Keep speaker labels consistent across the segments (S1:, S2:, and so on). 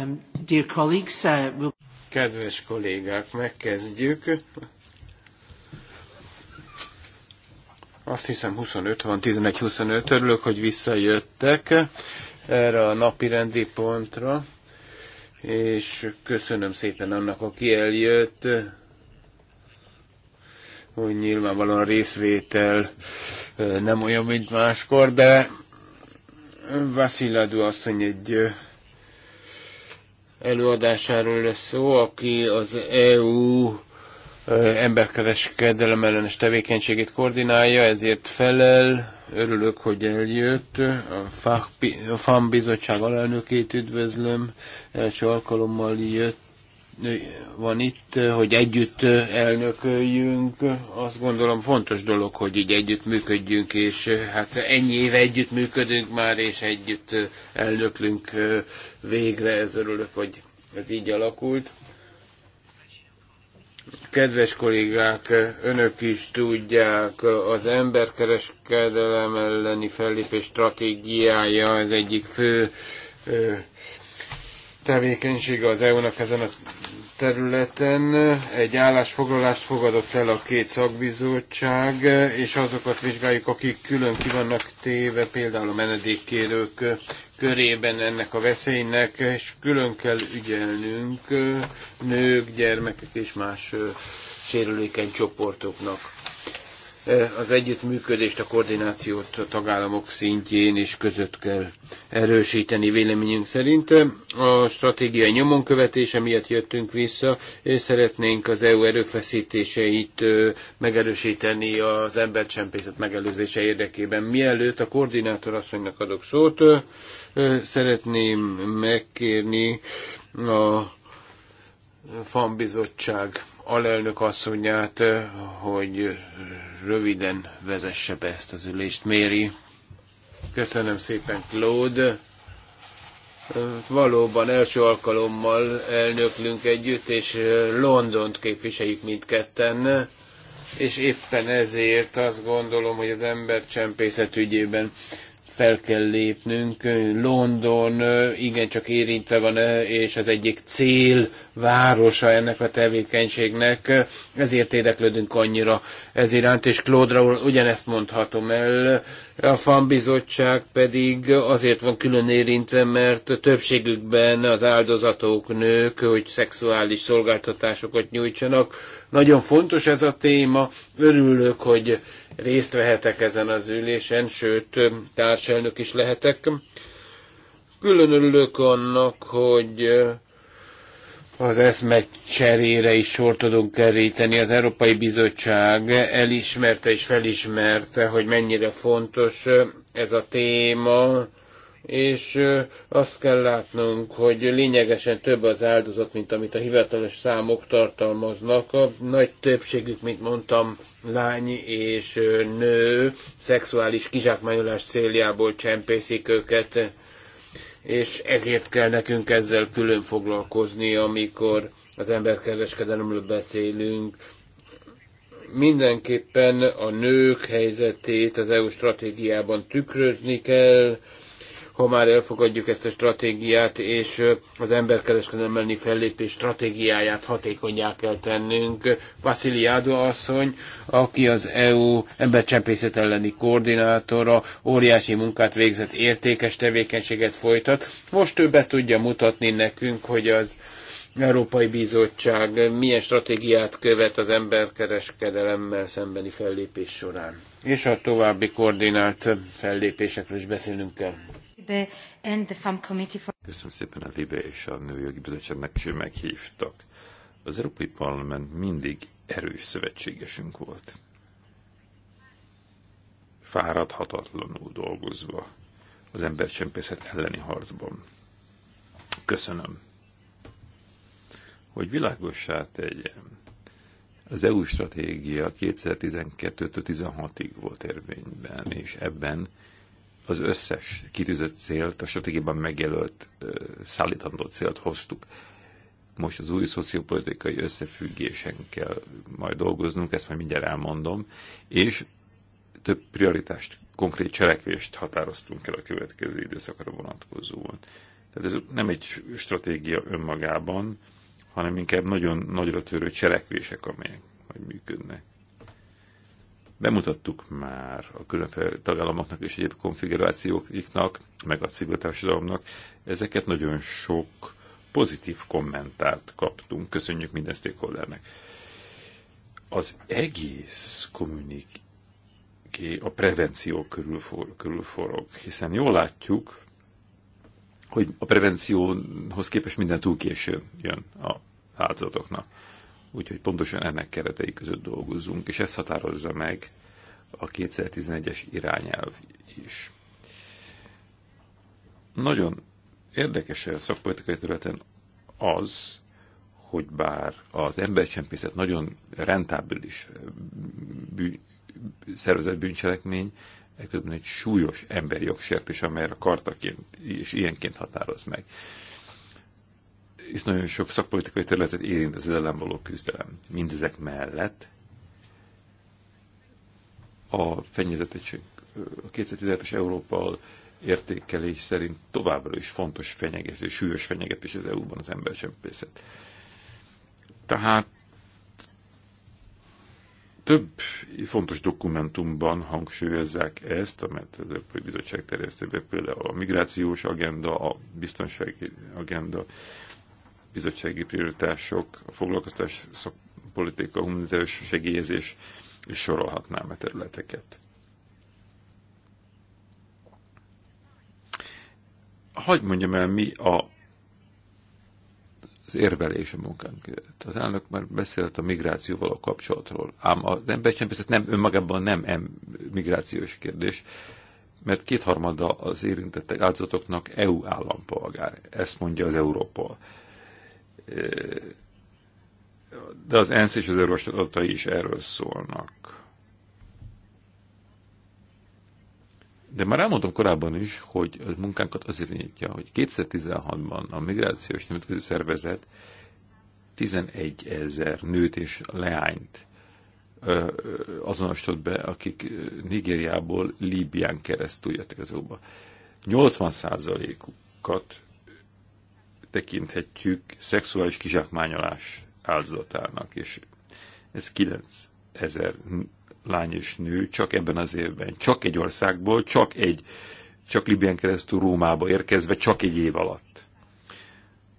S1: Um, dear colleagues, uh, we'll...
S2: Kedves kollégák, megkezdjük. Azt hiszem 25 van, 11-25. Örülök, hogy visszajöttek erre a napi rendi pontra, és köszönöm szépen annak, aki eljött, hogy nyilvánvalóan a részvétel nem olyan, mint máskor, de Vasiladú asszony egy előadásáról lesz szó, aki az EU emberkereskedelem ellenes tevékenységét koordinálja, ezért felel. Örülök, hogy eljött. A FAM bizottság alelnökét üdvözlöm. Első alkalommal jött van itt, hogy együtt elnököljünk. Azt gondolom fontos dolog, hogy így együtt működjünk, és hát ennyi éve együtt működünk már, és együtt elnöklünk végre. Ez örülök, hogy ez így alakult. Kedves kollégák, önök is tudják, az emberkereskedelem elleni fellépés stratégiája az egyik fő tevékenysége az EU-nak ezen a területen. Egy állásfoglalást fogadott el a két szakbizottság, és azokat vizsgáljuk, akik külön ki vannak téve, például a menedékkérők körében ennek a veszélynek, és külön kell ügyelnünk nők, gyermekek és más sérülékeny csoportoknak az együttműködést, a koordinációt a tagállamok szintjén és között kell erősíteni véleményünk szerint. A stratégiai nyomon követése miatt jöttünk vissza, és szeretnénk az EU erőfeszítéseit megerősíteni az embercsempészet megelőzése érdekében. Mielőtt a koordinátor asszonynak adok szót, szeretném megkérni a FAM bizottság alelnök asszonyát, eh, hogy röviden vezesse be ezt az ülést. Méri, köszönöm szépen, Claude. Eh, valóban első alkalommal elnöklünk együtt, és eh, Londont képviseljük mindketten, és éppen ezért azt gondolom, hogy az ember csempészet ügyében fel kell lépnünk. London igencsak érintve van, és az egyik cél városa ennek a tevékenységnek, ezért érdeklődünk annyira ez iránt, és Claude-ról ugyanezt mondhatom el. A fanbizottság pedig azért van külön érintve, mert többségükben az áldozatok nők, hogy szexuális szolgáltatásokat nyújtsanak. Nagyon fontos ez a téma, örülök, hogy részt vehetek ezen az ülésen, sőt, társelnök is lehetek. Külön örülök annak, hogy az eszme cserére is sor tudunk keríteni. Az Európai Bizottság elismerte és felismerte, hogy mennyire fontos ez a téma, és azt kell látnunk, hogy lényegesen több az áldozat, mint amit a hivatalos számok tartalmaznak. A nagy többségük, mint mondtam, lány és nő szexuális kizsákmányolás céljából csempészik őket, és ezért kell nekünk ezzel külön foglalkozni, amikor az emberkereskedelemről beszélünk. Mindenképpen a nők helyzetét az EU stratégiában tükrözni kell, ha már elfogadjuk ezt a stratégiát, és az emberkereskedelem elleni fellépés stratégiáját hatékonyá kell tennünk. Vasiliádo asszony, aki az EU embercsempészet elleni koordinátora, óriási munkát végzett, értékes tevékenységet folytat. Most többet tudja mutatni nekünk, hogy az Európai Bizottság milyen stratégiát követ az emberkereskedelemmel szembeni fellépés során. És a további koordinált fellépésekről is beszélnünk kell. Köszönöm szépen a Libe és a Nőjogi Bizottságnak is, hogy meghívtak.
S3: Az Európai Parlament mindig erős szövetségesünk volt. Fáradhatatlanul dolgozva az embercsempészet elleni harcban. Köszönöm. Hogy világossá tegyem, az EU stratégia 2012-16-ig volt érvényben, és ebben az összes kitűzött célt, a stratégiában megjelölt szállítandó célt hoztuk. Most az új szociopolitikai összefüggésen kell majd dolgoznunk, ezt majd mindjárt elmondom, és több prioritást, konkrét cselekvést határoztunk el a következő időszakra vonatkozóan. Tehát ez nem egy stratégia önmagában, hanem inkább nagyon nagyra törő cselekvések, amelyek majd működnek. Bemutattuk már a különféle tagállamoknak és egyéb konfigurációknak, meg a civil társadalomnak. Ezeket nagyon sok pozitív kommentárt kaptunk. Köszönjük minden stakeholdernek. Az egész kommunikáció a prevenció körül, for, körül forog, hiszen jól látjuk, hogy a prevencióhoz képest minden túl későn jön a áldozatoknak úgyhogy pontosan ennek keretei között dolgozunk, és ezt határozza meg a 2011-es irányelv is. Nagyon érdekes a szakpolitikai területen az, hogy bár az embercsempészet nagyon rentábilis bűn, szervezett bűncselekmény, ekközben egy súlyos emberi jogsértés, amelyre kartaként és ilyenként határoz meg és nagyon sok szakpolitikai területet érint az ellen való küzdelem. Mindezek mellett a fenyegetettség a 2017-es Európa értékelés szerint továbbra is fontos fenyegetés, súlyos fenyegetés az EU-ban az embercsempészet. Tehát több fontos dokumentumban hangsúlyozzák ezt, amelyet az Európai Bizottság terjesztett például a migrációs agenda, a biztonsági agenda, bizottsági prioritások, a foglalkoztás szakpolitika, humanitárius segélyezés, és sorolhatnám a területeket. Hagy mondjam el, mi a, az érvelés a munkánk. Az elnök már beszélt a migrációval a kapcsolatról, ám az embercsempészet nem önmagában nem em, migrációs kérdés, mert kétharmada az érintettek áldozatoknak EU állampolgár. Ezt mondja az Európol de az ENSZ és az Eurostat adatai is erről szólnak. De már elmondtam korábban is, hogy a munkánkat azért nyitja, hogy 2016-ban a Migrációs Nemzetközi Szervezet 11 ezer nőt és leányt azonosított be, akik Nigériából Líbián keresztül jöttek az óba. 80 százalékukat tekinthetjük szexuális kizsákmányolás áldozatának, és ez 9000 lány és nő csak ebben az évben, csak egy országból, csak egy, csak Libyen keresztül Rómába érkezve, csak egy év alatt.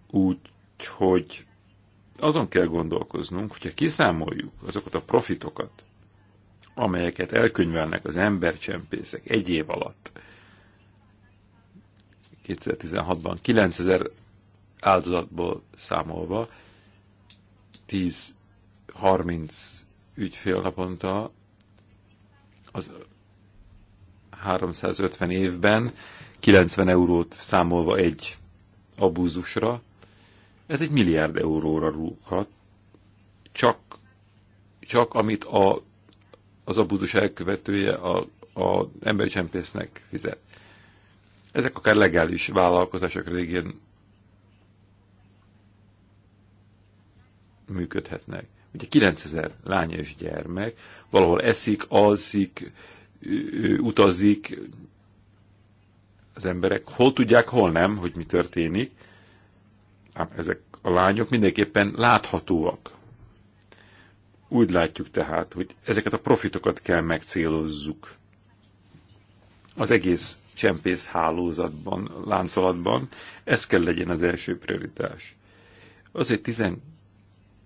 S3: Úgyhogy azon kell gondolkoznunk, hogyha kiszámoljuk azokat a profitokat, amelyeket elkönyvelnek az embercsempészek egy év alatt, 2016-ban 9000 áldozatból számolva 10-30 ügyfél naponta az 350 évben 90 eurót számolva egy abúzusra, ez egy milliárd euróra rúghat, csak, csak amit a, az abúzus elkövetője a, a csempésznek fizet. Ezek akár legális vállalkozások régén működhetnek. Ugye 9000 lány és gyermek valahol eszik, alszik, utazik, az emberek hol tudják, hol nem, hogy mi történik. Ám ezek a lányok mindenképpen láthatóak. Úgy látjuk tehát, hogy ezeket a profitokat kell megcélozzuk. Az egész csempész hálózatban, láncolatban, ez kell legyen az első prioritás. Azért 12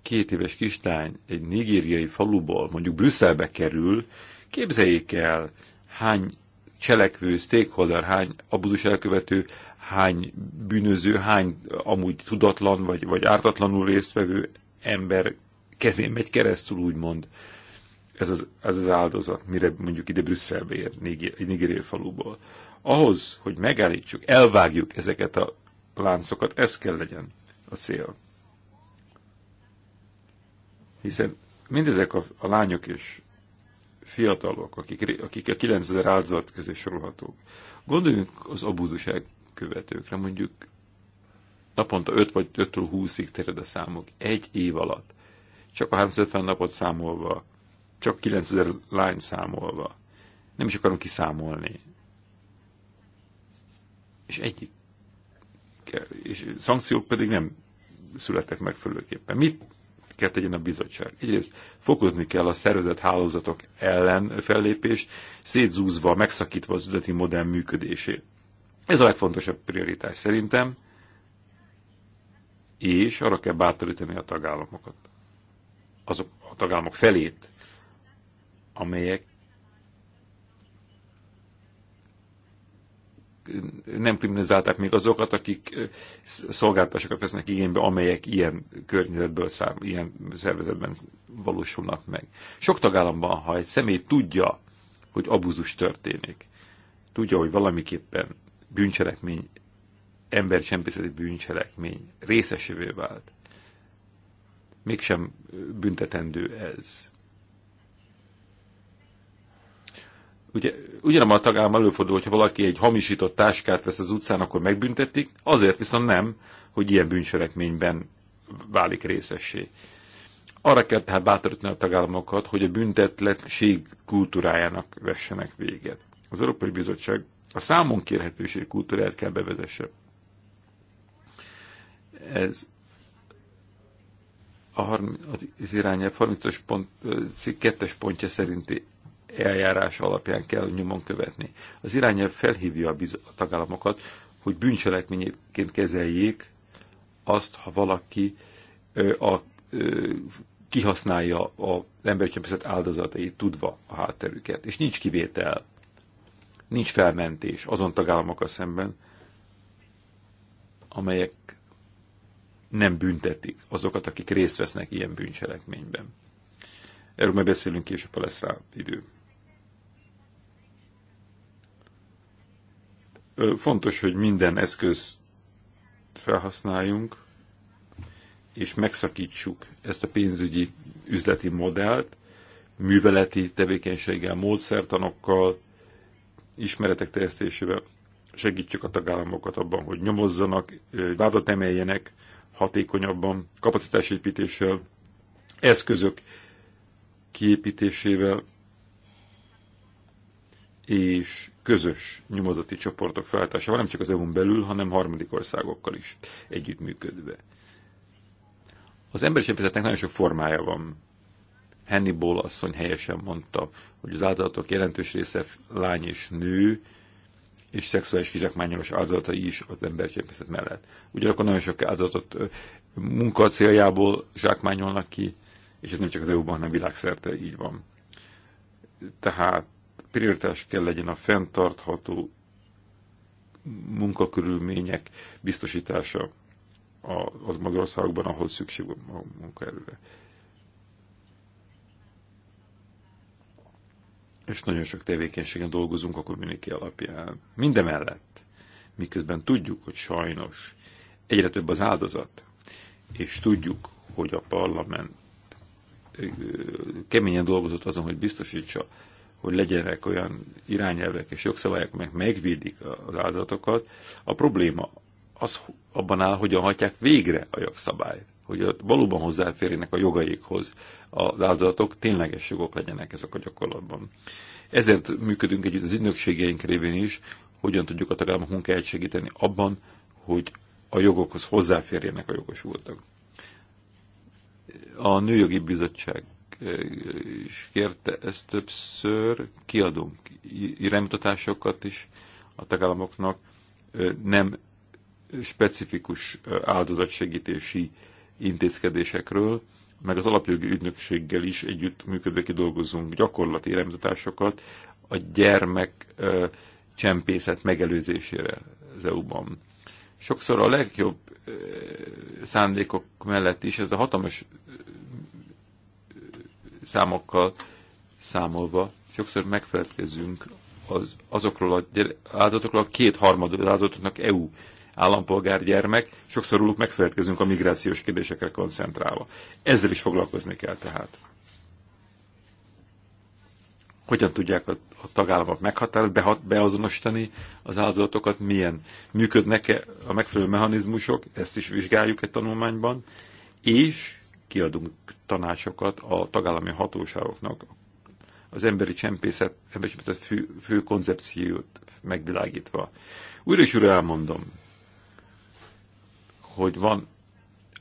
S3: két éves kislány egy nigériai faluból mondjuk Brüsszelbe kerül, képzeljék el, hány cselekvő, stakeholder, hány abuzus elkövető, hány bűnöző, hány amúgy tudatlan vagy, vagy ártatlanul résztvevő ember kezén megy keresztül, úgymond. Ez az, ez az áldozat, mire mondjuk ide Brüsszelbe ér, egy nigériai faluból. Ahhoz, hogy megállítsuk, elvágjuk ezeket a láncokat, ez kell legyen a cél. Hiszen mindezek a, a lányok és fiatalok, akik, akik a 9000 áldozat közé sorolhatók. Gondoljunk az abúzus követőkre, mondjuk naponta 5 vagy 5-től 20-ig terjed a számok, egy év alatt. Csak a 350 napot számolva, csak 9000 lány számolva. Nem is akarom kiszámolni. És egyik. És szankciók pedig nem születtek megfelelőképpen. Mit kell tegyen a bizottság. Egyrészt fokozni kell a szervezett hálózatok ellen fellépést, szétzúzva, megszakítva az üzleti modell működését. Ez a legfontosabb prioritás szerintem, és arra kell bátorítani a tagállamokat. Azok a tagállamok felét, amelyek nem kriminalizálták még azokat, akik szolgáltatásokat vesznek igénybe, amelyek ilyen környezetből szám, ilyen szervezetben valósulnak meg. Sok tagállamban, ha egy személy tudja, hogy abuzus történik, tudja, hogy valamiképpen bűncselekmény, embercsempészeti bűncselekmény részesévé vált, mégsem büntetendő ez. ugye ugyanabban a tagállam előfordul, hogyha valaki egy hamisított táskát vesz az utcán, akkor megbüntetik, azért viszont nem, hogy ilyen bűncselekményben válik részessé. Arra kell tehát bátorítani a tagállamokat, hogy a büntetlenség kultúrájának vessenek véget. Az Európai Bizottság a számon kérhetőség kultúráját kell bevezesse. Ez a 30, az irányelv 30-as pont, 2 pontja szerinti eljárás alapján kell nyomon követni. Az irányelv felhívja a, a tagállamokat, hogy bűncselekményként kezeljék azt, ha valaki ö, a, ö, kihasználja az embercsempészet áldozatait, tudva a hátterüket. És nincs kivétel, nincs felmentés azon tagállamokkal szemben, amelyek nem büntetik azokat, akik részt vesznek ilyen bűncselekményben. Erről majd beszélünk később, ha lesz rá idő. Fontos, hogy minden eszközt felhasználjunk, és megszakítsuk ezt a pénzügyi üzleti modellt, műveleti tevékenységgel, módszertanokkal, ismeretek terjesztésével segítsük a tagállamokat abban, hogy nyomozzanak, vádat emeljenek hatékonyabban, kapacitásépítéssel, eszközök kiépítésével, és közös nyomozati csoportok felállításával, nem csak az EU-n belül, hanem harmadik országokkal is együttműködve. Az emberi csempészetnek nagyon sok formája van. Hannibal asszony helyesen mondta, hogy az áldozatok jelentős része lány és nő, és szexuális kizsákmányolás áldozatai is az embercsempészet mellett. Ugyanakkor nagyon sok áldozatot munka céljából zsákmányolnak ki, és ez nem csak az EU-ban, hanem világszerte így van. Tehát prioritás kell legyen a fenntartható munkakörülmények biztosítása az Magyarországban, ahol szükség van a munkaerőre. És nagyon sok tevékenységen dolgozunk a kommuniké alapján. Mindemellett, miközben tudjuk, hogy sajnos egyre több az áldozat, és tudjuk, hogy a parlament keményen dolgozott azon, hogy biztosítsa hogy legyenek olyan irányelvek és jogszabályok, amelyek megvédik az áldozatokat. A probléma az abban áll, hogyan hajtják végre a jogszabályt, hogy valóban hozzáférjenek a jogaikhoz az áldozatok, tényleges jogok legyenek ezek a gyakorlatban. Ezért működünk együtt az ügynökségeink révén is, hogyan tudjuk a tagállamokunk segíteni abban, hogy a jogokhoz hozzáférjenek a jogosultak. A Nőjogi Bizottság is kérte ezt többször, kiadunk iránymutatásokat is a tagállamoknak, nem specifikus áldozatsegítési intézkedésekről, meg az alapjogi ügynökséggel is együtt működve dolgozunk gyakorlati iránymutatásokat a gyermek csempészet megelőzésére az EU-ban. Sokszor a legjobb szándékok mellett is ez a hatalmas számokkal számolva sokszor megfelelkezünk az, azokról a áldozatokról, a két harmad áldozatoknak EU állampolgár gyermek, sokszor róluk megfelelkezünk a migrációs kérdésekre koncentrálva. Ezzel is foglalkozni kell tehát. Hogyan tudják a, a tagállamok meghatározni, beazonosítani az áldozatokat, milyen működnek -e a megfelelő mechanizmusok, ezt is vizsgáljuk egy tanulmányban, és kiadunk tanácsokat a tagállami hatóságoknak az emberi csempészet, emberi csempészet fő, fő koncepciót megvilágítva. Újra és újra elmondom, hogy van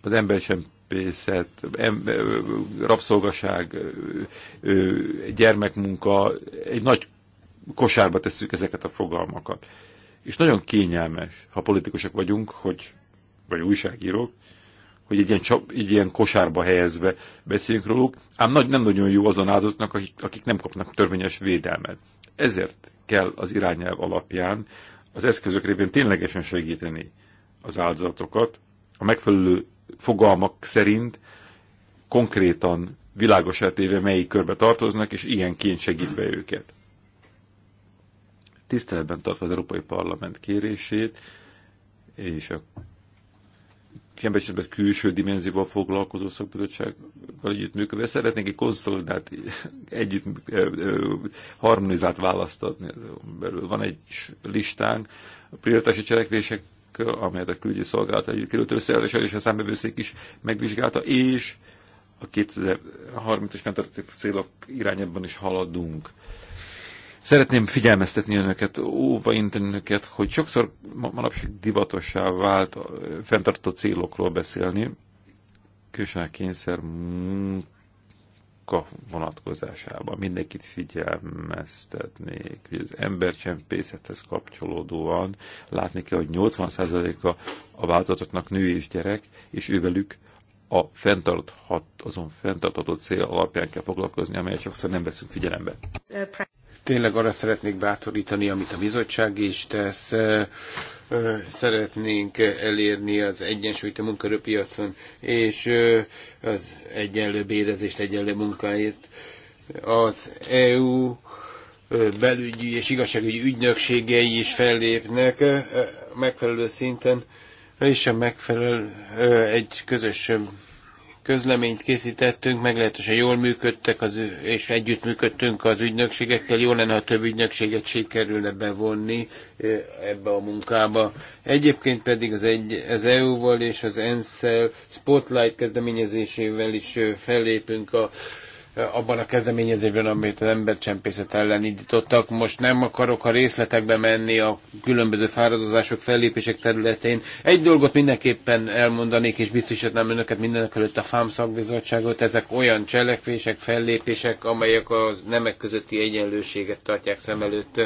S3: az emberi csempészet, em, rabszolgaság, gyermekmunka, egy nagy kosárba tesszük ezeket a fogalmakat. És nagyon kényelmes, ha politikusok vagyunk, hogy, vagy újságírók, hogy egy ilyen, egy ilyen kosárba helyezve beszéljünk róluk, ám nagy, nem nagyon jó azon áldozatnak, akik, akik nem kapnak törvényes védelmet. Ezért kell az irányelv alapján az eszközök révén ténylegesen segíteni az áldozatokat, a megfelelő fogalmak szerint konkrétan világos eltéve melyik körbe tartoznak, és ilyenként segítve őket. Tiszteletben tartva az Európai Parlament kérését, és a sembesített külső dimenzióval foglalkozó szakbizottsággal együttműködve szeretnénk egy konszolidált, együtt harmonizált választ adni. Belül van egy listánk a prioritási cselekvések amelyet a külügyi szolgálat együtt került össze, és a számbevőszék is megvizsgálta, és a 2030-as fenntartási célok irányában is haladunk. Szeretném figyelmeztetni önöket, óva önöket, hogy sokszor manapság divatossá vált fenntartó célokról beszélni, különösen kényszer munka vonatkozásában. Mindenkit figyelmeztetnék, hogy az embercsempészethez kapcsolódóan látni kell, hogy 80%-a a változatoknak nő és gyerek, és ővelük a fenntarthat, azon fenntartható cél alapján kell foglalkozni, amelyet sokszor nem veszünk figyelembe.
S2: Tényleg arra szeretnék bátorítani, amit a bizottság is tesz. Szeretnénk elérni az egyensúlyt a munkaerőpiacon, és az egyenlő bérezést, egyenlő munkáért. Az EU belügyi és igazságügyi ügynökségei is fellépnek megfelelő szinten, és a megfelelő egy közös közleményt készítettünk, meglehetősen jól működtek, az, és együttműködtünk az ügynökségekkel. Jó lenne, ha több ügynökséget sikerülne bevonni ebbe a munkába. Egyébként pedig az, egy, az EU-val és az ENSZ-el Spotlight kezdeményezésével is fellépünk a Eh, abban a kezdeményezésben, amit az embercsempészet ellen indítottak. Most nem akarok a részletekbe menni a különböző fáradozások, fellépések területén. Egy dolgot mindenképpen elmondanék, és biztosítanám önöket mindenek előtt a FAM szakbizottságot. Ezek olyan cselekvések, fellépések, amelyek a nemek közötti egyenlőséget tartják szem előtt.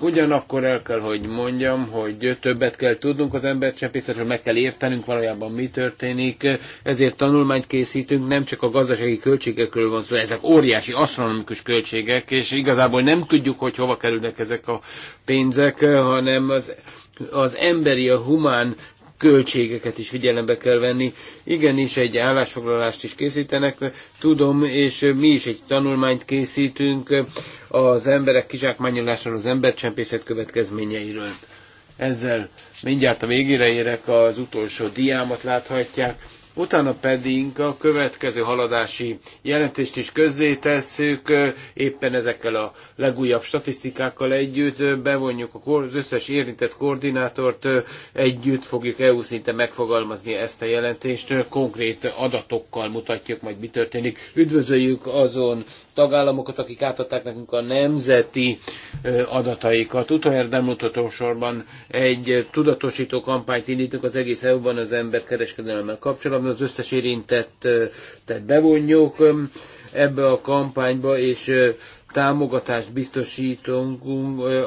S2: Ugyanakkor el kell, hogy mondjam, hogy többet kell tudnunk az embercsempészetről, meg kell értenünk valójában mi történik, ezért tanulmányt készítünk, nem csak a gazdasági költségekről van szó, ezek óriási, asztronomikus költségek, és igazából nem tudjuk, hogy hova kerülnek ezek a pénzek, hanem az az emberi, a humán költségeket is figyelembe kell venni. Igenis, egy állásfoglalást is készítenek, tudom, és mi is egy tanulmányt készítünk az emberek kizsákmányolásáról, az embercsempészet következményeiről. Ezzel mindjárt a végére érek, az utolsó diámat láthatják Utána pedig a következő haladási jelentést is közzétesszük, éppen ezekkel a legújabb statisztikákkal együtt bevonjuk az összes érintett koordinátort, együtt fogjuk EU szinte megfogalmazni ezt a jelentést, konkrét adatokkal mutatjuk majd, mi történik. Üdvözöljük azon tagállamokat, akik átadták nekünk a nemzeti adataikat. Utoljára nem sorban egy tudatosító kampányt indítunk az egész EU-ban az emberkereskedelemmel kapcsolatban, az összes érintett tehát bevonjuk ebbe a kampányba, és támogatást biztosítunk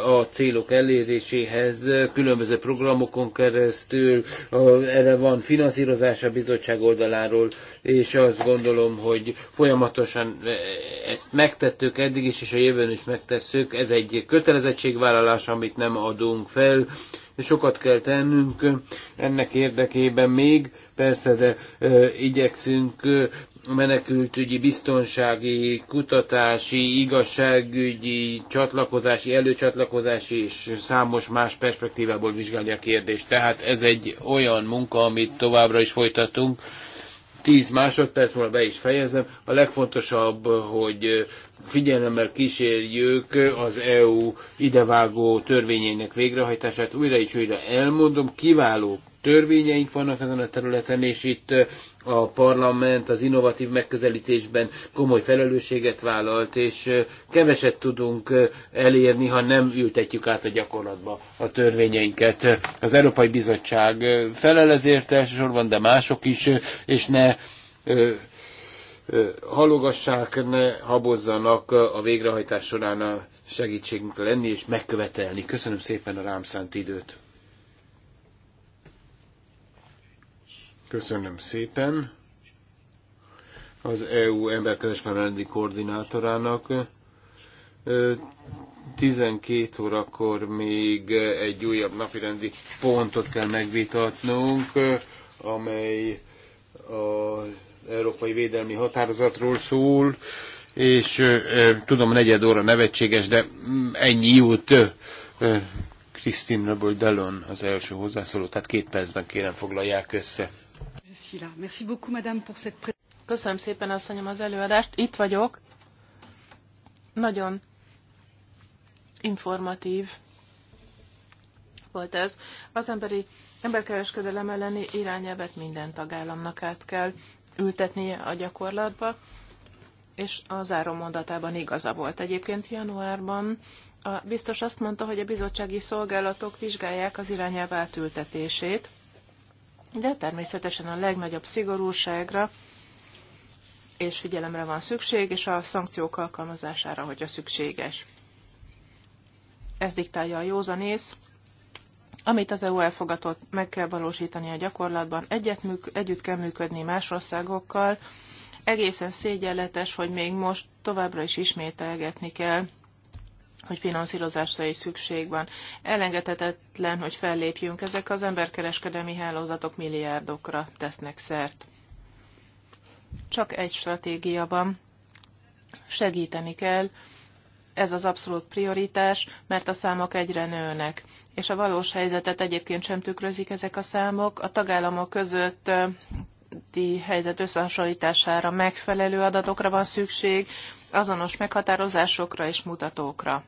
S2: a célok eléréséhez különböző programokon keresztül, erre van finanszírozás a bizottság oldaláról, és azt gondolom, hogy folyamatosan ezt megtettük eddig is, és a jövőn is megtesszük. Ez egy kötelezettségvállalás, amit nem adunk fel, és sokat kell tennünk ennek érdekében még, persze, de ö, igyekszünk ö, menekültügyi, biztonsági, kutatási, igazságügyi, csatlakozási, előcsatlakozási és számos más perspektívából vizsgálni a kérdést. Tehát ez egy olyan munka, amit továbbra is folytatunk. Tíz másodperc múlva be is fejezem. A legfontosabb, hogy figyelemmel kísérjük az EU idevágó törvényének végrehajtását. Újra és újra elmondom, kiváló törvényeink vannak ezen a területen, és itt a parlament az innovatív megközelítésben komoly felelősséget vállalt, és keveset tudunk elérni, ha nem ültetjük át a gyakorlatba a törvényeinket. Az Európai Bizottság felel ezért elsősorban, de mások is, és ne halogassák, ne habozzanak a végrehajtás során a segítségünk lenni és megkövetelni. Köszönöm szépen a rám szánt időt. Köszönöm szépen az EU emberkereskedelmi koordinátorának. 12 órakor még egy újabb napirendi pontot kell megvitatnunk, amely az Európai Védelmi Határozatról szól, és tudom, negyed óra nevetséges, de mm, ennyi jut Christine Rebel Delon az első hozzászóló, tehát két percben kérem foglalják össze.
S1: Köszönöm szépen, asszonyom, az előadást. Itt vagyok. Nagyon informatív volt ez. Az emberi emberkereskedelem elleni irányelvet minden tagállamnak át kell ültetnie a gyakorlatba, és a záró mondatában igaza volt. Egyébként januárban a biztos azt mondta, hogy a bizottsági szolgálatok vizsgálják az irányelv átültetését, de természetesen a legnagyobb szigorúságra és figyelemre van szükség, és a szankciók alkalmazására, hogyha szükséges. Ez diktálja a józanész, amit az EU elfogadott, meg kell valósítani a gyakorlatban, Egyet, együtt kell működni más országokkal, egészen szégyenletes, hogy még most továbbra is ismételgetni kell hogy finanszírozásra is szükség van. Elengedhetetlen, hogy fellépjünk, ezek az emberkereskedelmi hálózatok milliárdokra tesznek szert. Csak egy stratégiában segíteni kell, ez az abszolút prioritás, mert a számok egyre nőnek. És a valós helyzetet egyébként sem tükrözik ezek a számok. A tagállamok között helyzet összehasonlítására megfelelő adatokra van szükség, azonos meghatározásokra és mutatókra.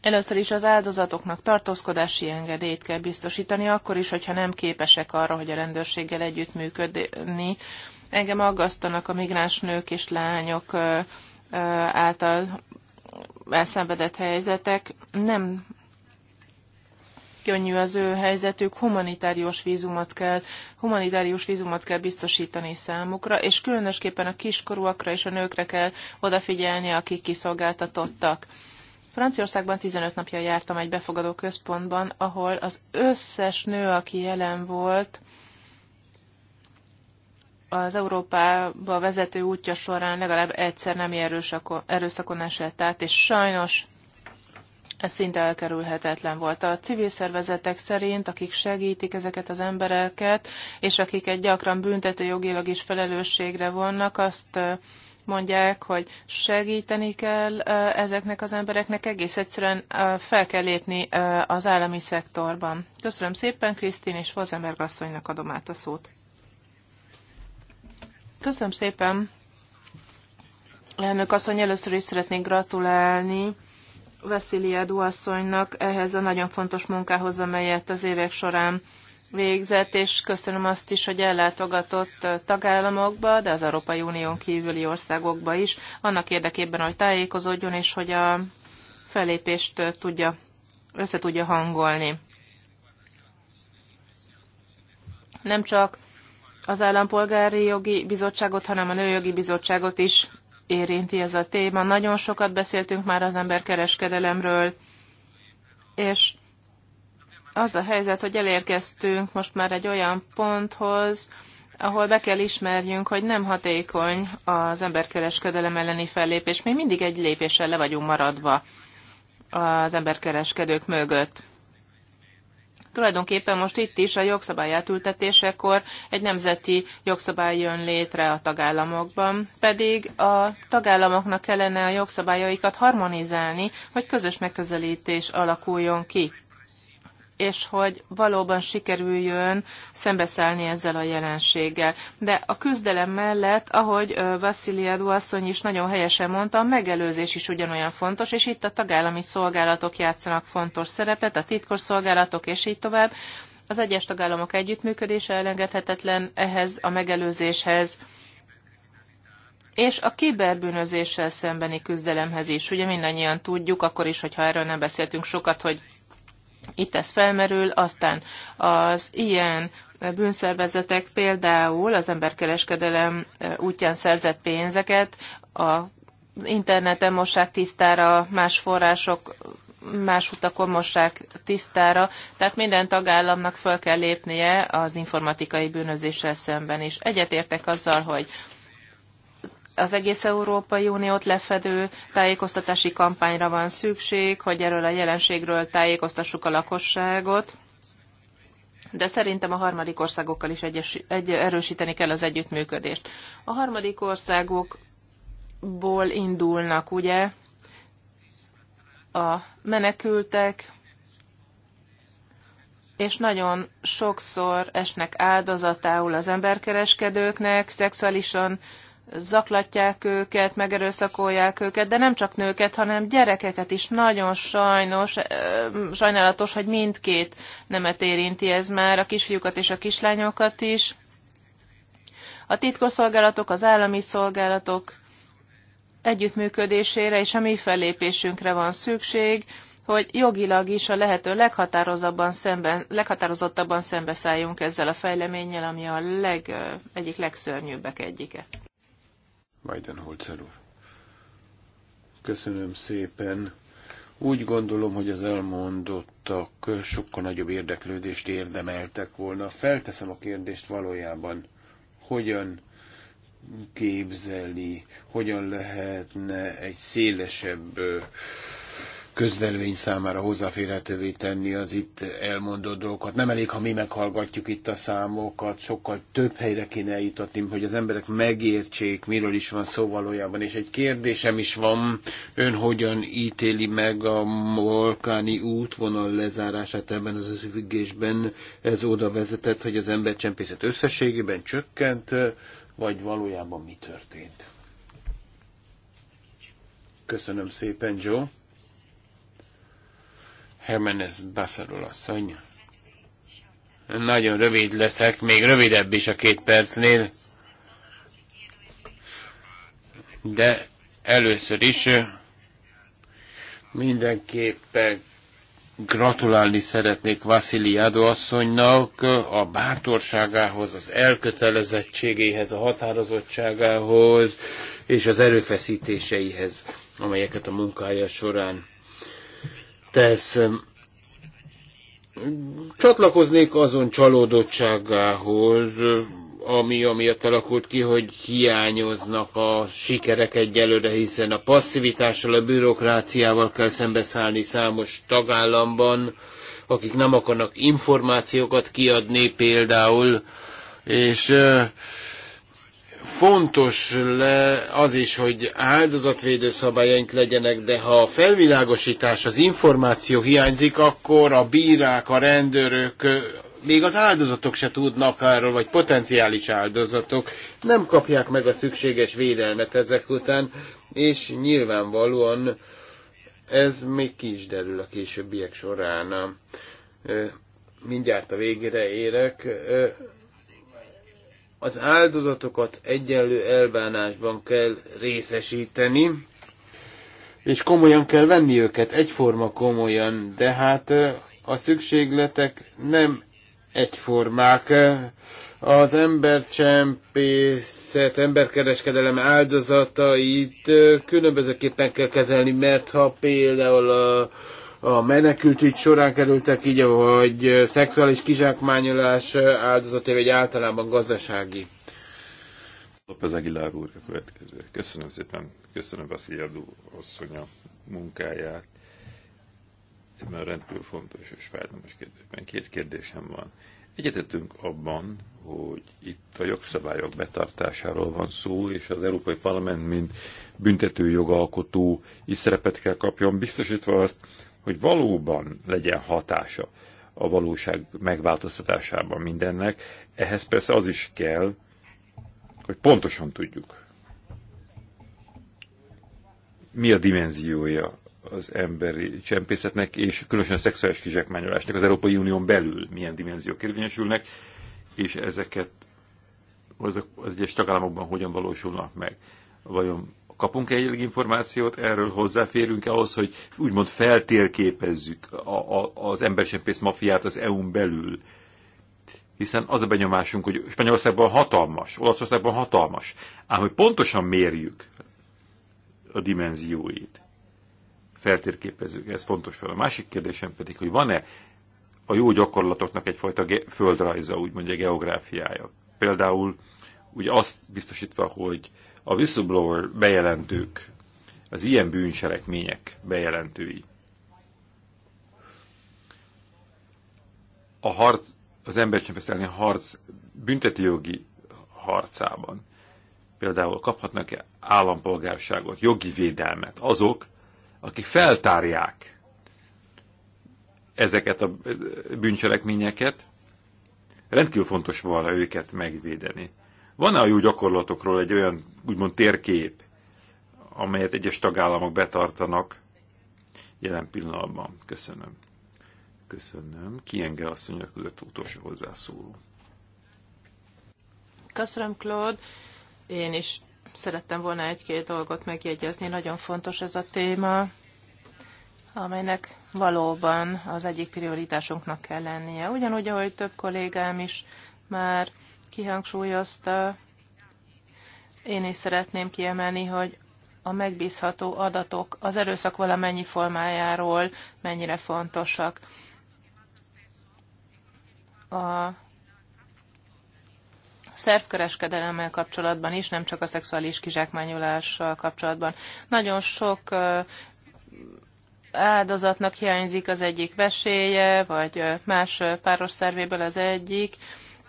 S1: Először is az áldozatoknak tartózkodási engedélyt kell biztosítani, akkor is, hogyha nem képesek arra, hogy a rendőrséggel együttműködni. Engem aggasztanak a migráns nők és lányok által elszenvedett helyzetek. Nem könnyű az ő helyzetük, humanitárius vízumot kell, humanitárius vízumot kell biztosítani számukra, és különösképpen a kiskorúakra és a nőkre kell odafigyelni, akik kiszolgáltatottak Franciaországban 15 napja jártam egy befogadó központban, ahol az összes nő, aki jelen volt, az Európába vezető útja során legalább egyszer nem erőszakon, esett át, és sajnos ez szinte elkerülhetetlen volt. A civil szervezetek szerint, akik segítik ezeket az embereket, és akiket gyakran büntető jogilag is felelősségre vonnak, azt mondják, hogy segíteni kell ezeknek az embereknek, egész egyszerűen fel kell lépni az állami szektorban. Köszönöm szépen, Krisztin és Fozenberg asszonynak adom át a szót. Köszönöm szépen. Elnök asszony, először is szeretnék gratulálni Vesziliádú asszonynak ehhez a nagyon fontos munkához, amelyet az évek során végzett, és köszönöm azt is, hogy ellátogatott tagállamokba, de az Európai Unión kívüli országokba is, annak érdekében, hogy tájékozódjon, és hogy a felépést tudja, össze tudja hangolni. Nem csak az Állampolgári Jogi Bizottságot, hanem a Nőjogi Bizottságot is érinti ez a téma. Nagyon sokat beszéltünk már az emberkereskedelemről, és az a helyzet, hogy elérkeztünk most már egy olyan ponthoz, ahol be kell ismerjünk, hogy nem hatékony az emberkereskedelem elleni fellépés. Még mindig egy lépéssel le vagyunk maradva az emberkereskedők mögött. Tulajdonképpen most itt is a jogszabály átültetésekor egy nemzeti jogszabály jön létre a tagállamokban, pedig a tagállamoknak kellene a jogszabályaikat harmonizálni, hogy közös megközelítés alakuljon ki és hogy valóban sikerüljön szembeszállni ezzel a jelenséggel. De a küzdelem mellett, ahogy Vassziliadó asszony is nagyon helyesen mondta, a megelőzés is ugyanolyan fontos, és itt a tagállami szolgálatok játszanak fontos szerepet, a titkos szolgálatok, és így tovább. Az egyes tagállamok együttműködése elengedhetetlen ehhez a megelőzéshez és a kiberbűnözéssel szembeni küzdelemhez is. Ugye mindannyian tudjuk, akkor is, hogyha erről nem beszéltünk sokat, hogy itt ez felmerül, aztán az ilyen bűnszervezetek például az emberkereskedelem útján szerzett pénzeket a interneten mossák tisztára, más források más utakon mossák tisztára, tehát minden tagállamnak föl kell lépnie az informatikai bűnözéssel szemben is. Egyetértek azzal, hogy az egész Európai Uniót lefedő tájékoztatási kampányra van szükség, hogy erről a jelenségről tájékoztassuk a lakosságot. De szerintem a harmadik országokkal is egyes, egy, erősíteni kell az együttműködést. A harmadik országokból indulnak, ugye, a menekültek, és nagyon sokszor esnek áldozatául az emberkereskedőknek, szexuálisan zaklatják őket, megerőszakolják őket, de nem csak nőket, hanem gyerekeket is. Nagyon sajnos, sajnálatos, hogy mindkét nemet érinti ez már, a kisfiúkat és a kislányokat is. A titkosszolgálatok, az állami szolgálatok együttműködésére és a mi fellépésünkre van szükség, hogy jogilag is a lehető leghatározottabban, szemben, leghatározottabban szembeszálljunk ezzel a fejleménnyel, ami a leg, egyik legszörnyűbbek egyike.
S2: Weidenholzer úr. Köszönöm szépen. Úgy gondolom, hogy az elmondottak sokkal nagyobb érdeklődést érdemeltek volna. Felteszem a kérdést valójában, hogyan képzeli, hogyan lehetne egy szélesebb közvelvény számára hozzáférhetővé tenni az itt elmondott dolgokat. Nem elég, ha mi meghallgatjuk itt a számokat, sokkal több helyre kéne eljutatni, hogy az emberek megértsék, miről is van szó valójában. És egy kérdésem is van, ön hogyan ítéli meg a balkáni útvonal lezárását ebben az összefüggésben? Ez oda vezetett, hogy az embercsempészet összességében csökkent, vagy valójában mi történt? Köszönöm szépen, Joe. Hemenez Baszarul asszony. Nagyon rövid leszek, még rövidebb is a két percnél. De először is mindenképpen gratulálni szeretnék Vasiliado asszonynak a bátorságához, az elkötelezettségéhez, a határozottságához és az erőfeszítéseihez, amelyeket a munkája során tesz. Csatlakoznék azon csalódottságához, ami amiatt alakult ki, hogy hiányoznak a sikerek egyelőre, hiszen a passzivitással, a bürokráciával kell szembeszállni számos tagállamban, akik nem akarnak információkat kiadni például, és Fontos le az is, hogy áldozatvédő szabályaink legyenek, de ha a felvilágosítás, az információ hiányzik, akkor a bírák, a rendőrök, még az áldozatok se tudnak arról, vagy potenciális áldozatok nem kapják meg a szükséges védelmet ezek után, és nyilvánvalóan ez még ki is derül a későbbiek során mindjárt a végére érek. Az áldozatokat egyenlő elbánásban kell részesíteni, és komolyan kell venni őket, egyforma komolyan, de hát a szükségletek nem egyformák. Az embercsempészet, emberkereskedelem áldozatait különbözőképpen kell kezelni, mert ha például a a menekültügy során kerültek így, vagy szexuális kizsákmányolás áldozatai, vagy általában gazdasági.
S3: López Aguilar úr a következő. Köszönöm szépen, köszönöm Vasziliadó asszony a munkáját ebben rendkívül fontos és fájdalmas kérdésben. Két kérdésem van. Egyetetünk abban, hogy itt a jogszabályok betartásáról van szó, és az Európai Parlament, mint büntető jogalkotó is szerepet kell kapjon, biztosítva azt, hogy valóban legyen hatása a valóság megváltoztatásában mindennek. Ehhez persze az is kell, hogy pontosan tudjuk, mi a dimenziója az emberi csempészetnek, és különösen a szexuális kizsákmányolásnak az Európai Unión belül milyen dimenziók érvényesülnek, és ezeket az, az egyes tagállamokban hogyan valósulnak meg. Vajon Kapunk-e egyelegi információt erről, hozzáférünk-e ahhoz, hogy úgymond feltérképezzük a, a, az embersempész mafiát az EU-n belül? Hiszen az a benyomásunk, hogy Spanyolországban hatalmas, Olaszországban hatalmas, ám hogy pontosan mérjük a dimenzióit, feltérképezzük, ez fontos fel. A másik kérdésem pedig, hogy van-e a jó gyakorlatoknak egyfajta földrajza, úgymond a geográfiája. Például úgy azt biztosítva, hogy a whistleblower bejelentők, az ilyen bűncselekmények bejelentői. A harc, az embercsempészet harc bünteti jogi harcában például kaphatnak-e állampolgárságot, jogi védelmet azok, akik feltárják ezeket a bűncselekményeket, rendkívül fontos volna őket megvédeni. Van-e a jó gyakorlatokról egy olyan úgymond térkép, amelyet egyes tagállamok betartanak jelen pillanatban. Köszönöm. Köszönöm. Kienge a között utolsó hozzászóló.
S1: Köszönöm, Claude. Én is szerettem volna egy-két dolgot megjegyezni. Nagyon fontos ez a téma, amelynek valóban az egyik prioritásunknak kell lennie. Ugyanúgy, ahogy több kollégám is már kihangsúlyozta, én is szeretném kiemelni, hogy a megbízható adatok az erőszak valamennyi formájáról mennyire fontosak. A szervkereskedelemmel kapcsolatban is, nem csak a szexuális kizsákmányolással kapcsolatban. Nagyon sok áldozatnak hiányzik az egyik vesélye, vagy más páros szervéből az egyik,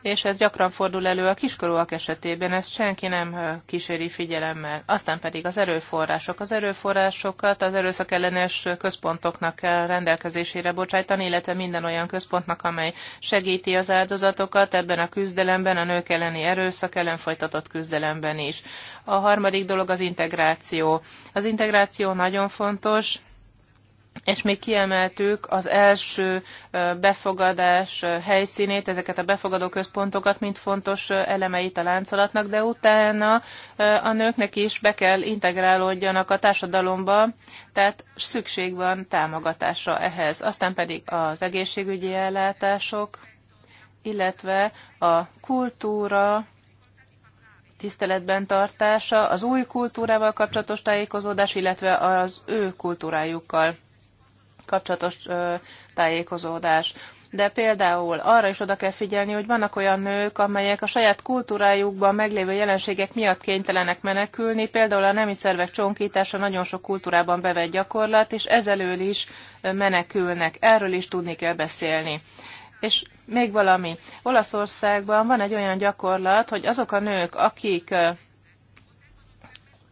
S1: és ez gyakran fordul elő a kiskorúak esetében, ezt senki nem kíséri figyelemmel. Aztán pedig az erőforrások. Az erőforrásokat az erőszak ellenes központoknak kell rendelkezésére bocsájtani, illetve minden olyan központnak, amely segíti az áldozatokat ebben a küzdelemben, a nők elleni erőszak ellen folytatott küzdelemben is. A harmadik dolog az integráció. Az integráció nagyon fontos, és még kiemeltük az első befogadás helyszínét, ezeket a befogadó központokat, mint fontos elemeit a láncolatnak, de utána a nőknek is be kell integrálódjanak a társadalomba, tehát szükség van támogatásra ehhez. Aztán pedig az egészségügyi ellátások, illetve a kultúra, tiszteletben tartása, az új kultúrával kapcsolatos tájékozódás, illetve az ő kultúrájukkal kapcsolatos tájékozódás. De például arra is oda kell figyelni, hogy vannak olyan nők, amelyek a saját kultúrájukban meglévő jelenségek miatt kénytelenek menekülni, például a nemi szervek csonkítása nagyon sok kultúrában bevett gyakorlat, és ezelől is menekülnek. Erről is tudni kell beszélni. És még valami. Olaszországban van egy olyan gyakorlat, hogy azok a nők, akik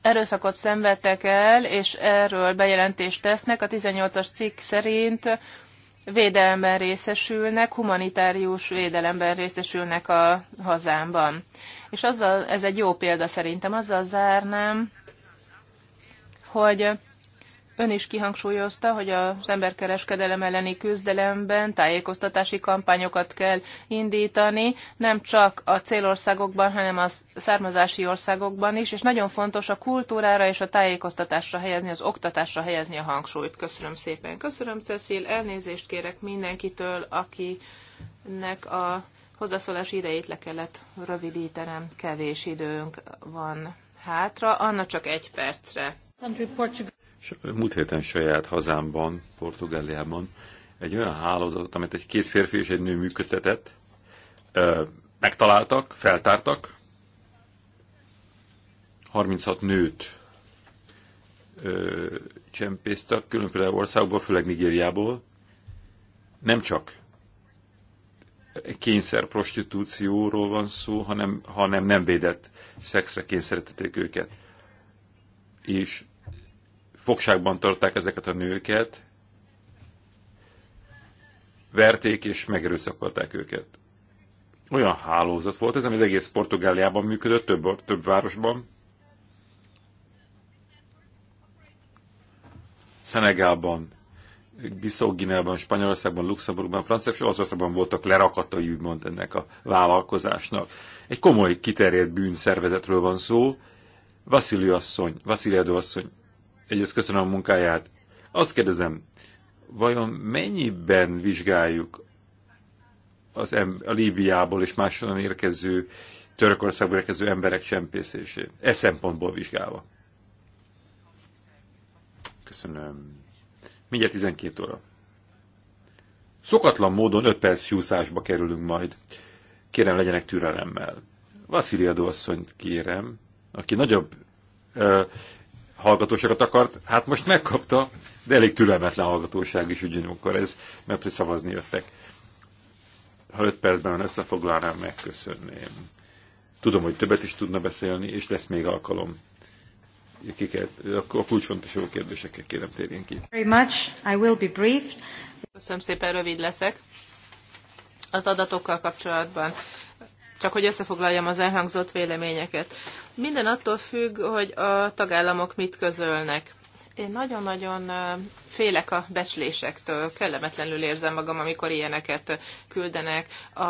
S1: erőszakot szenvedtek el, és erről bejelentést tesznek. A 18-as cikk szerint védelemben részesülnek, humanitárius védelemben részesülnek a hazámban. És azzal, ez egy jó példa szerintem, azzal zárnám, hogy Ön is kihangsúlyozta, hogy az emberkereskedelem elleni küzdelemben tájékoztatási kampányokat kell indítani, nem csak a célországokban, hanem a származási országokban is, és nagyon fontos a kultúrára és a tájékoztatásra helyezni, az oktatásra helyezni a hangsúlyt. Köszönöm szépen. Köszönöm, Cecil. Elnézést kérek mindenkitől, akinek a hozzászólás idejét le kellett rövidítenem, kevés időnk van hátra, Anna csak egy percre
S3: múlt héten saját hazámban, Portugáliában egy olyan hálózatot, amit egy két férfi és egy nő működtetett, megtaláltak, feltártak, 36 nőt csempésztek különféle országokból, főleg Nigériából, nem csak kényszer prostitúcióról van szó, hanem, hanem nem védett szexre kényszerítették őket. És fogságban tartották ezeket a nőket, verték és megerőszakolták őket. Olyan hálózat volt ez, ami az egész Portugáliában működött, több, több városban. Szenegában, Bissau-Ginában, Spanyolországban, Luxemburgban, Franciaországban és Olaszországban voltak lerakatai, úgymond ennek a vállalkozásnak. Egy komoly, kiterjedt bűnszervezetről van szó. Vasili asszony, Vasiliadó asszony egyrészt köszönöm a munkáját. Azt kérdezem, vajon mennyiben vizsgáljuk az em- a Líbiából és máshonnan érkező, Törökországból érkező emberek csempészését? E szempontból vizsgálva. Köszönöm. Mindjárt 12 óra. Szokatlan módon 5 perc húszásba kerülünk majd. Kérem, legyenek türelemmel. Vasziliadó asszonyt kérem, aki nagyobb hallgatóságot akart, hát most megkapta, de elég türelmetlen hallgatóság is ugyanakkor ez, mert hogy szavazni jöttek. Ha öt percben összefoglalnám, megköszönném. Tudom, hogy többet is tudna beszélni, és lesz még alkalom. Kiket, a kulcsfontosságú kérdésekkel kérem térjen ki.
S1: Very much. I will be brief. Köszönöm szépen, rövid leszek. Az adatokkal kapcsolatban csak hogy összefoglaljam az elhangzott véleményeket. Minden attól függ, hogy a tagállamok mit közölnek. Én nagyon-nagyon félek a becslésektől, kellemetlenül érzem magam, amikor ilyeneket küldenek. A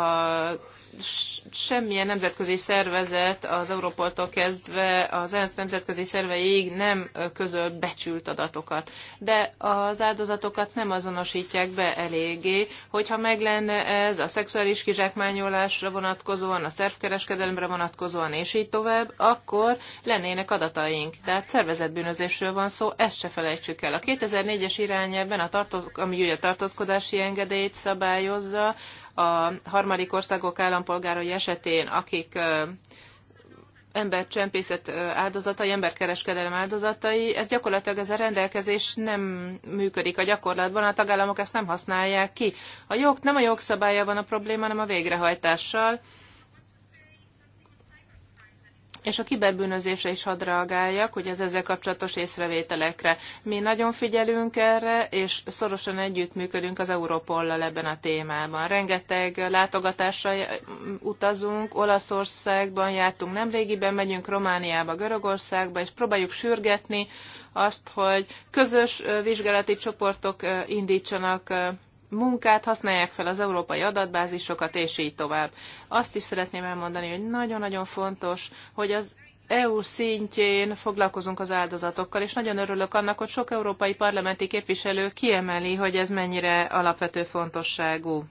S1: semmilyen nemzetközi szervezet az Európoltól kezdve az ENSZ nemzetközi szerveig nem közöl becsült adatokat. De az áldozatokat nem azonosítják be eléggé, hogyha meg lenne ez a szexuális kizsákmányolásra vonatkozóan, a szervkereskedelemre vonatkozóan, és így tovább, akkor lennének adataink. Tehát szervezetbűnözésről van szó, ezt se felejtsük el. A 2004-es irányelben, a tartoz, ami ugye a tartózkodási engedélyt szabályozza, a harmadik országok állampolgárai esetén, akik embercsempészet áldozatai, emberkereskedelem áldozatai, ez gyakorlatilag ez a rendelkezés nem működik a gyakorlatban, a tagállamok ezt nem használják ki. A jog, nem a jogszabálya van a probléma, hanem a végrehajtással, és a kiberbűnözésre is hadd reagáljak, hogy az ezzel kapcsolatos észrevételekre. Mi nagyon figyelünk erre, és szorosan együttműködünk az Európollal ebben a témában. Rengeteg látogatásra utazunk, Olaszországban jártunk nemrégiben, megyünk Romániába, Görögországba, és próbáljuk sürgetni azt, hogy közös vizsgálati csoportok indítsanak munkát, használják fel az európai adatbázisokat, és így tovább. Azt is szeretném elmondani, hogy nagyon-nagyon fontos, hogy az EU szintjén foglalkozunk az áldozatokkal, és nagyon örülök annak, hogy sok európai parlamenti képviselő kiemeli, hogy ez mennyire alapvető fontosságú.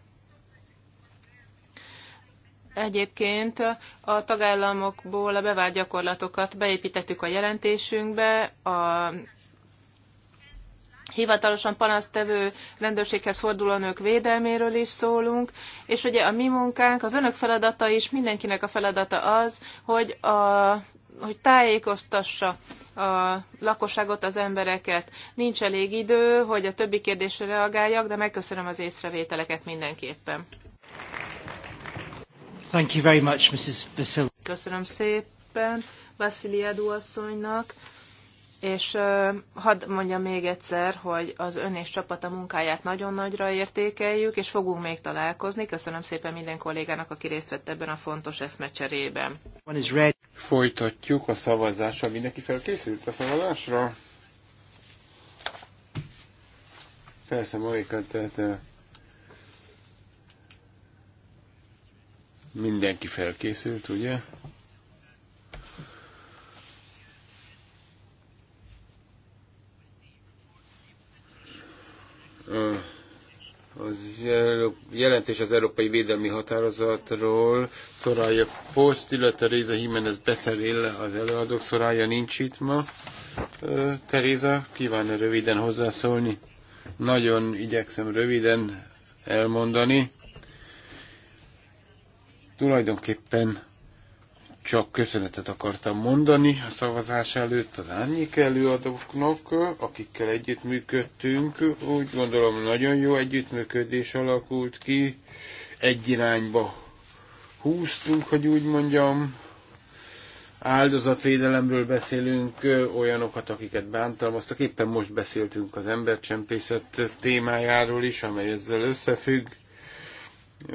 S1: Egyébként a tagállamokból a bevált gyakorlatokat beépítettük a jelentésünkbe, a hivatalosan panasztevő rendőrséghez forduló nők védelméről is szólunk, és ugye a mi munkánk, az önök feladata is, mindenkinek a feladata az, hogy, a, hogy tájékoztassa a lakosságot, az embereket. Nincs elég idő, hogy a többi kérdésre reagáljak, de megköszönöm az észrevételeket mindenképpen. Thank you very much, Mrs. Köszönöm szépen Vasiliadó asszonynak és hadd mondjam még egyszer, hogy az ön és csapata munkáját nagyon nagyra értékeljük, és fogunk még találkozni. Köszönöm szépen minden kollégának, aki részt vett ebben a fontos eszmecserében.
S2: Folytatjuk a szavazásra. Mindenki felkészült a szavazásra? Persze, magukat, tehát mindenki felkészült, ugye? az jelentés az Európai Védelmi Határozatról. Szorája Post, illetve Réza beszél beszerél az előadók. Szorája nincs itt ma. Teréza, kíván -e röviden hozzászólni? Nagyon igyekszem röviden elmondani. Tulajdonképpen csak köszönetet akartam mondani a szavazás előtt az árnyék előadóknak, akikkel együttműködtünk. Úgy gondolom, nagyon jó együttműködés alakult ki. Egy irányba húztunk, hogy úgy mondjam. Áldozatvédelemről beszélünk, olyanokat, akiket bántalmaztak. Éppen most beszéltünk az embercsempészet témájáról is, amely ezzel összefügg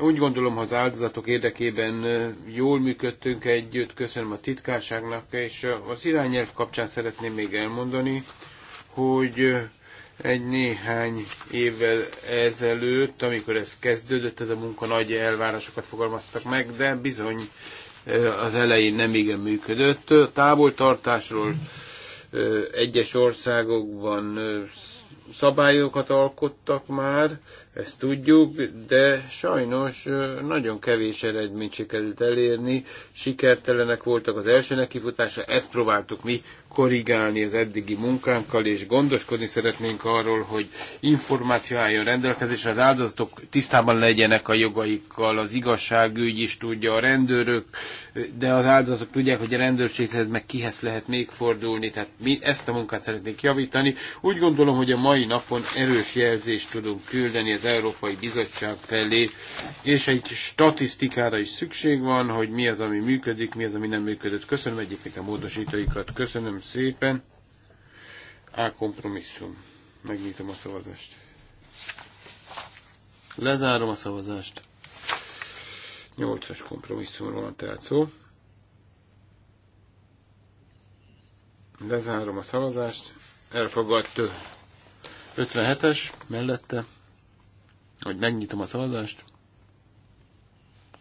S2: úgy gondolom, az áldozatok érdekében jól működtünk együtt, köszönöm a titkárságnak, és az irányelv kapcsán szeretném még elmondani, hogy egy néhány évvel ezelőtt, amikor ez kezdődött, ez a munka nagy elvárásokat fogalmaztak meg, de bizony az elején nem igen működött. Távoltartásról egyes országokban szabályokat alkottak már, ezt tudjuk, de sajnos nagyon kevés eredményt sikerült elérni, sikertelenek voltak az elsőnek kifutása, ezt próbáltuk mi korrigálni az eddigi munkánkkal, és gondoskodni szeretnénk arról, hogy információ álljon rendelkezésre, az áldozatok tisztában legyenek a jogaikkal, az igazságügy is tudja, a rendőrök, de az áldozatok tudják, hogy a rendőrséghez meg kihez lehet még fordulni, tehát mi ezt a munkát szeretnénk javítani. Úgy gondolom, hogy a mai mai napon erős jelzést tudunk küldeni az Európai Bizottság felé, és egy statisztikára is szükség van, hogy mi az, ami működik, mi az, ami nem működött. Köszönöm egyébként a módosítóikat, köszönöm szépen. A kompromisszum. Megnyitom a szavazást. Lezárom a szavazást. Nyolcas kompromisszumról van tehát szó. Lezárom a szavazást. Elfogadt. 57-es mellette, hogy megnyitom a szavazást,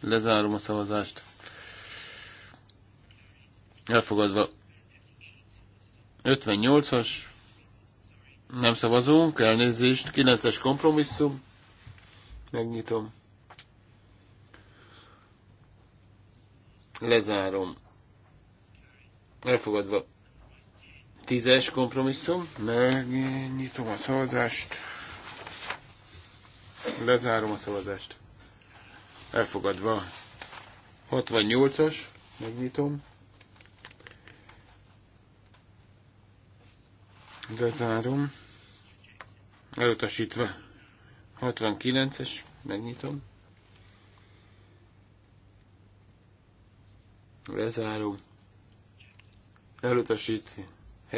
S2: lezárom a szavazást, elfogadva 58-as, nem szavazunk, elnézést, 9-es kompromisszum, megnyitom, lezárom, elfogadva Tízes kompromisszum. Megnyitom a szavazást. Lezárom a szavazást. Elfogadva. 68-as. Megnyitom. Lezárom. Elutasítva. 69-es. Megnyitom. Lezárom. Elutasítva.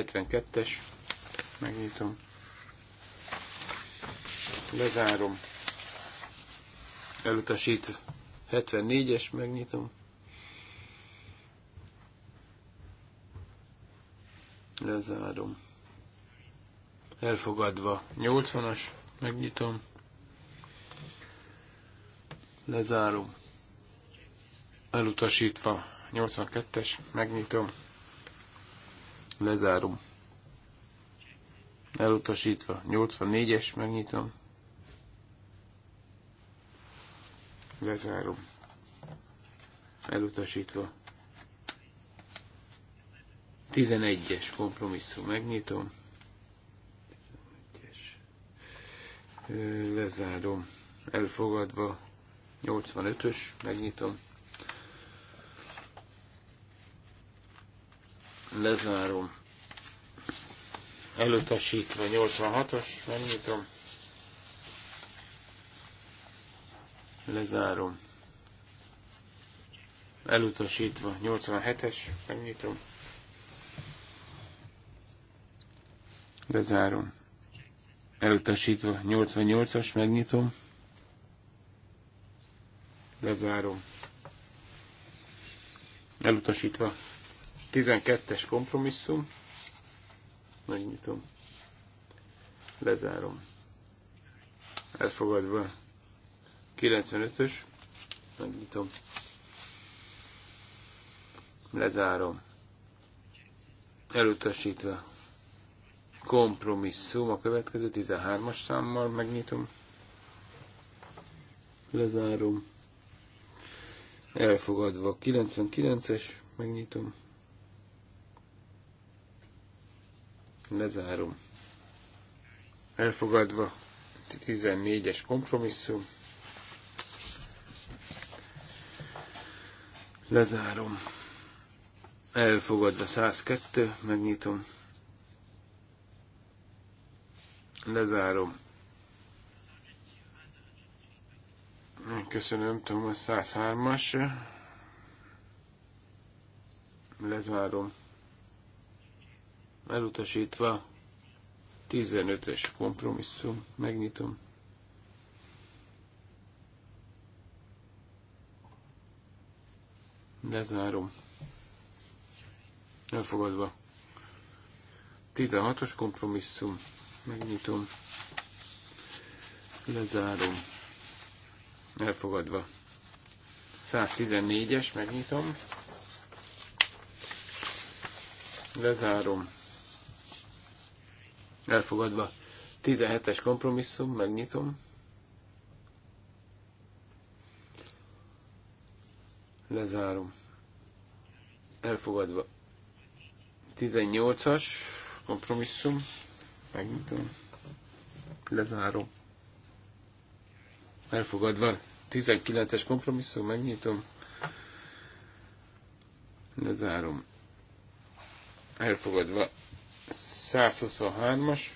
S2: 72-es, megnyitom, lezárom, elutasít, 74-es, megnyitom, lezárom, elfogadva, 80-as, megnyitom, lezárom, elutasítva, 82-es, megnyitom, Lezárom. Elutasítva. 84-es, megnyitom. Lezárom. Elutasítva. 11-es kompromisszum, megnyitom. Lezárom. Elfogadva. 85-ös, megnyitom. Lezárom. Elutasítva 86-os, megnyitom. Lezárom. Elutasítva 87-es, megnyitom. Lezárom. Elutasítva 88-as, megnyitom. Lezárom. Elutasítva 12-es kompromisszum. Megnyitom. Lezárom. Elfogadva. 95-ös. Megnyitom. Lezárom. Elutasítva. Kompromisszum a következő 13-as számmal. Megnyitom. Lezárom. Elfogadva. 99-es. Megnyitom Lezárom. Elfogadva 14-es kompromisszum. Lezárom. Elfogadva 102, megnyitom. Lezárom. Köszönöm, Thomas 103-as. Lezárom elutasítva 15 es kompromisszum, megnyitom. Lezárom. Elfogadva. 16-os kompromisszum, megnyitom. Lezárom. Elfogadva. 114-es, megnyitom. Lezárom Elfogadva. 17-es kompromisszum, megnyitom. Lezárom. Elfogadva. 18-as kompromisszum, megnyitom. Lezárom. Elfogadva. 19-es kompromisszum, megnyitom. Lezárom. Elfogadva. 123-as,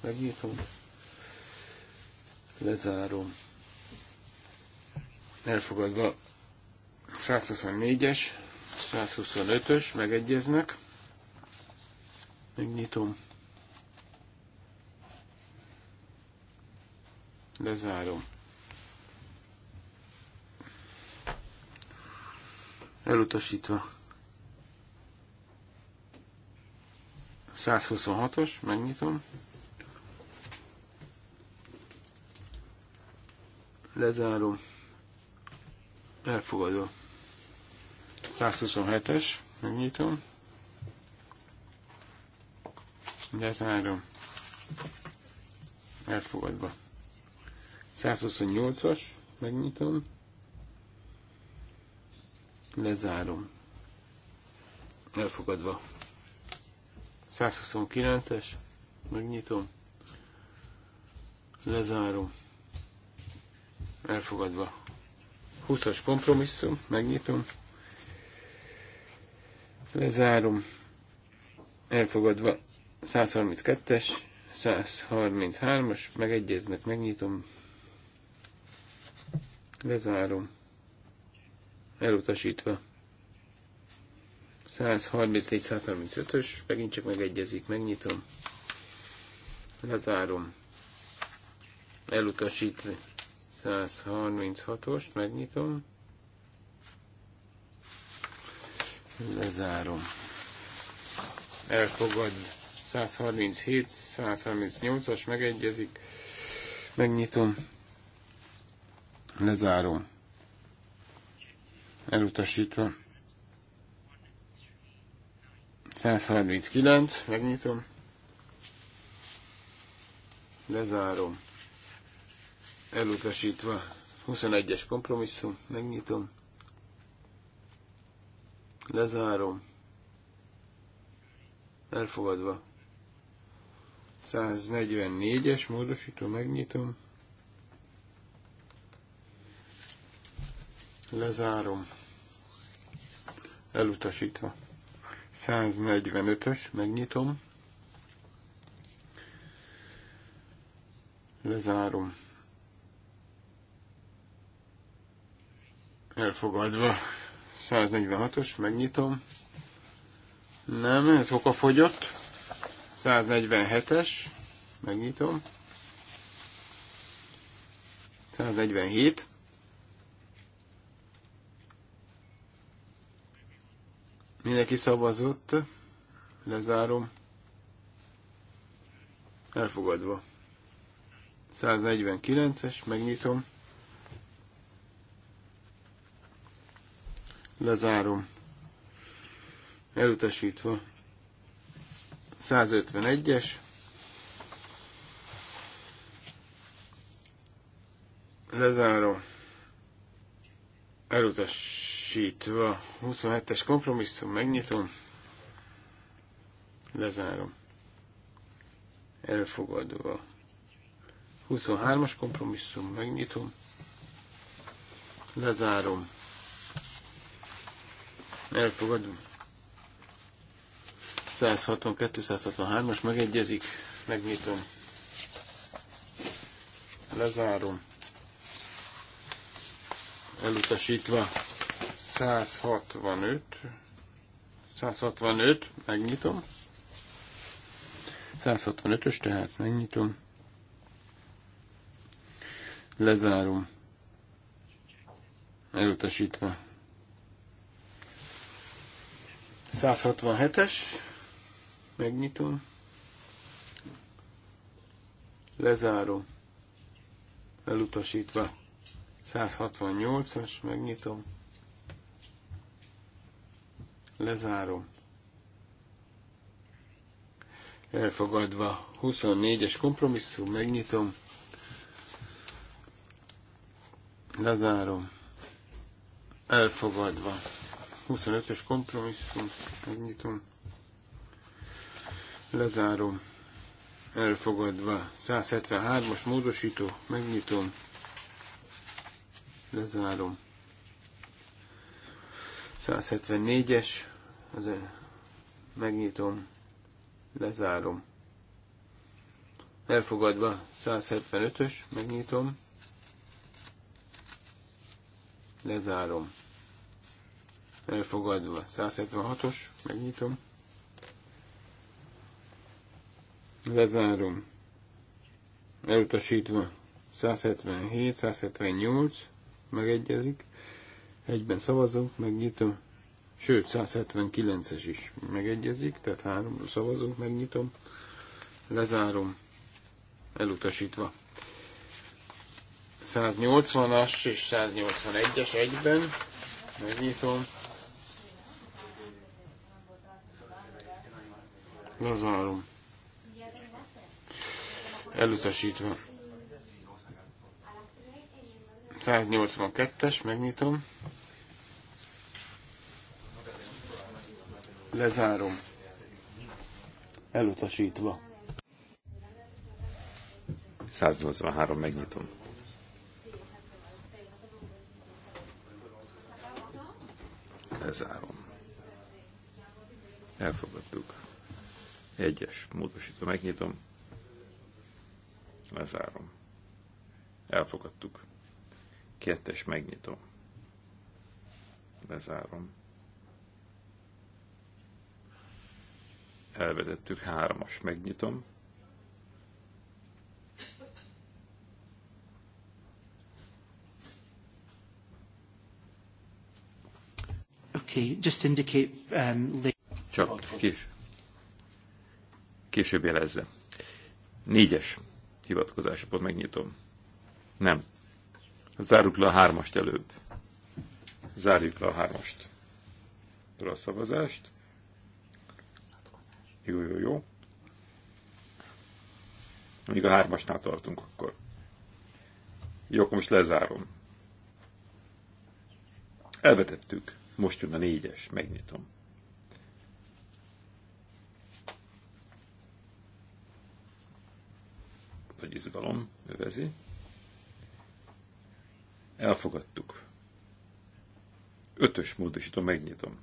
S2: megnyitom, lezárom, elfogadva 124-es, 125-ös, megegyeznek, megnyitom, lezárom. Elutasítva. 126-os, megnyitom. Lezárom. Elfogadó. 127-es, megnyitom. Lezárom. Elfogadva. 128-as, megnyitom. Lezárom. Elfogadva. 129-es, megnyitom, lezárom, elfogadva. 20-as kompromisszum, megnyitom, lezárom, elfogadva. 132-es, 133-as, megegyeznek, megnyitom, lezárom, elutasítva. 134-135-ös, megint csak megegyezik, megnyitom. Lezárom. Elutasítva. 136-ost megnyitom. Lezárom. Elfogad. 137-138-as megegyezik. Megnyitom. Lezárom. Elutasítva. 139, megnyitom. Lezárom. Elutasítva. 21-es kompromisszum, megnyitom. Lezárom. Elfogadva. 144-es módosító, megnyitom. Lezárom. Elutasítva. 145-ös, megnyitom. Lezárom. Elfogadva. 146-os, megnyitom. Nem, ez hoka fogyott. 147-es, megnyitom. 147. Mindenki szavazott. Lezárom. Elfogadva. 149-es, megnyitom. Lezárom. Elutasítva. 151-es. Lezárom. Elutasítva módosítva. 27-es kompromisszum, megnyitom. Lezárom. Elfogadva. 23-as kompromisszum, megnyitom. Lezárom. Elfogadom. 162-163-as megegyezik, megnyitom. Lezárom. Elutasítva. 165. 165, megnyitom. 165-ös, tehát megnyitom. Lezárom. Elutasítva. 167-es. Megnyitom. Lezárom. Elutasítva. 168-as. Megnyitom Lezárom. Elfogadva 24-es kompromisszum, megnyitom. Lezárom. Elfogadva. 25-ös kompromisszum, megnyitom. Lezárom. Elfogadva. 173-as módosító, megnyitom. Lezárom 174-es, megnyitom, lezárom. Elfogadva 175-ös, megnyitom, lezárom. Elfogadva 176-os, megnyitom, lezárom. Elutasítva 177, 178, megegyezik. Egyben szavazunk, megnyitom. Sőt, 179-es is megegyezik, tehát háromra szavazunk, megnyitom. Lezárom, elutasítva. 180-as és 181-es egyben. Megnyitom. Lezárom. Elutasítva. 182-es, megnyitom. Lezárom. Elutasítva. 183,
S3: megnyitom. Lezárom. Elfogadtuk. Egyes, módosítva megnyitom. Lezárom. Elfogadtuk. Kettes megnyitom. Lezárom. Elvetettük hármas, megnyitom.
S1: Okay, just indicate um, later.
S3: Csak kis. Később jelezze. Négyes hivatkozási pont megnyitom. Nem. Zárjuk le a hármast előbb. Zárjuk le a hármast. A szavazást. Jó, jó, jó. Amíg a hármasnál tartunk, akkor. Jó, akkor most lezárom. Elvetettük. Most jön a négyes. Megnyitom. Vagy izgalom övezi. Elfogadtuk. Ötös módosítom, megnyitom.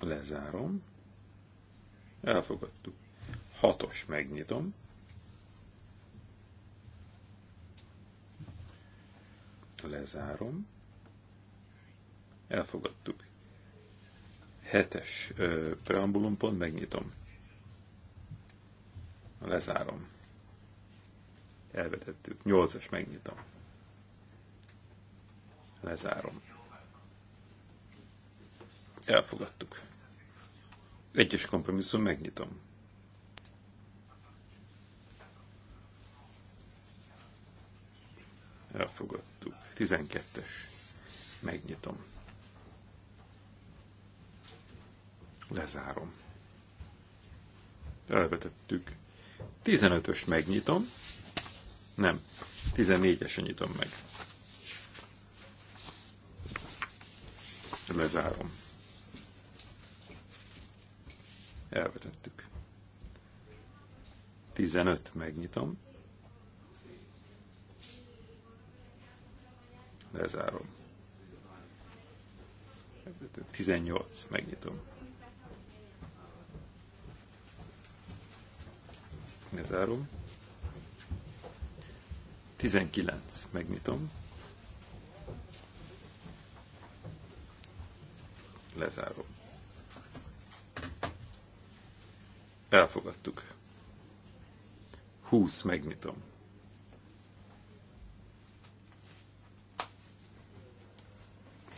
S3: Lezárom. Elfogadtuk. Hatos, megnyitom. Lezárom. Elfogadtuk. Hetes preambulumpont, megnyitom. Lezárom elvetettük. Nyolcas megnyitom. Lezárom. Elfogadtuk. Egyes kompromisszum megnyitom. Elfogadtuk. Tizenkettes, Megnyitom. Lezárom. Elvetettük. 15-ös megnyitom. Nem. 14-esen nyitom meg. Lezárom. Elvetettük. 15 megnyitom. Lezárom. 18 megnyitom. Lezárom. 19. Megnyitom. Lezárom. Elfogadtuk. 20. Megnyitom.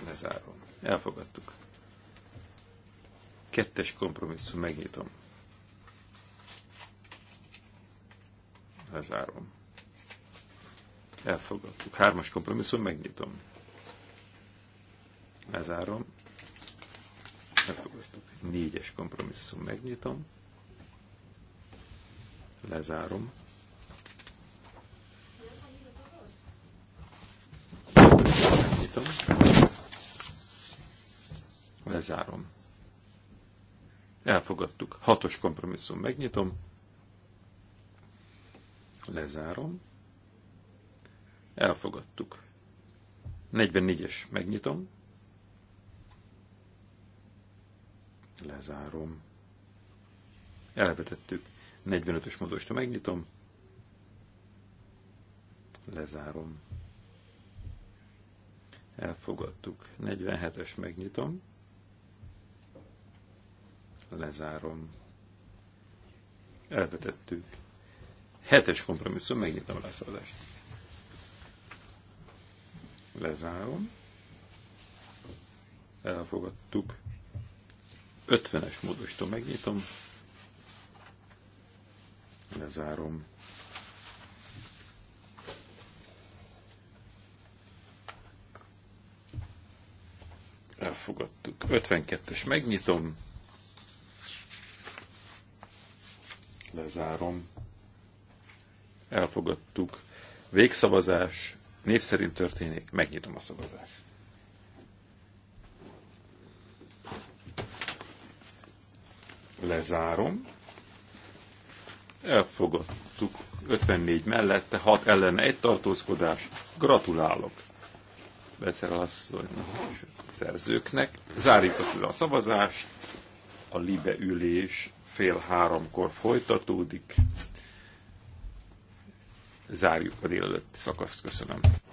S3: Lezárom. Elfogadtuk. Kettes kompromisszum megnyitom. Lezárom Elfogadtuk. Hármas kompromisszum, megnyitom. Lezárom. Elfogadtuk. Négyes kompromisszum, megnyitom. Lezárom. Megnyitom. Lezárom. Elfogadtuk. Hatos kompromisszum, megnyitom. Lezárom Elfogadtuk. 44-es. Megnyitom. Lezárom. Elvetettük. 45-ös módosra megnyitom. Lezárom. Elfogadtuk. 47-es megnyitom. Lezárom. Elvetettük. 7-es kompromisszum, megnyitom a leszállást. Lezárom. Elfogadtuk. 50-es módosítom, megnyitom. Lezárom. Elfogadtuk. 52-es megnyitom. Lezárom. Elfogadtuk. Végszavazás Név szerint történik. Megnyitom a szavazást. Lezárom. Elfogadtuk 54 mellette, 6 ellen egy tartózkodás. Gratulálok. Becerel a szerzőknek. Zárjuk azt a szavazást. A libe ülés fél háromkor folytatódik zárjuk a délelőtti szakaszt. Köszönöm.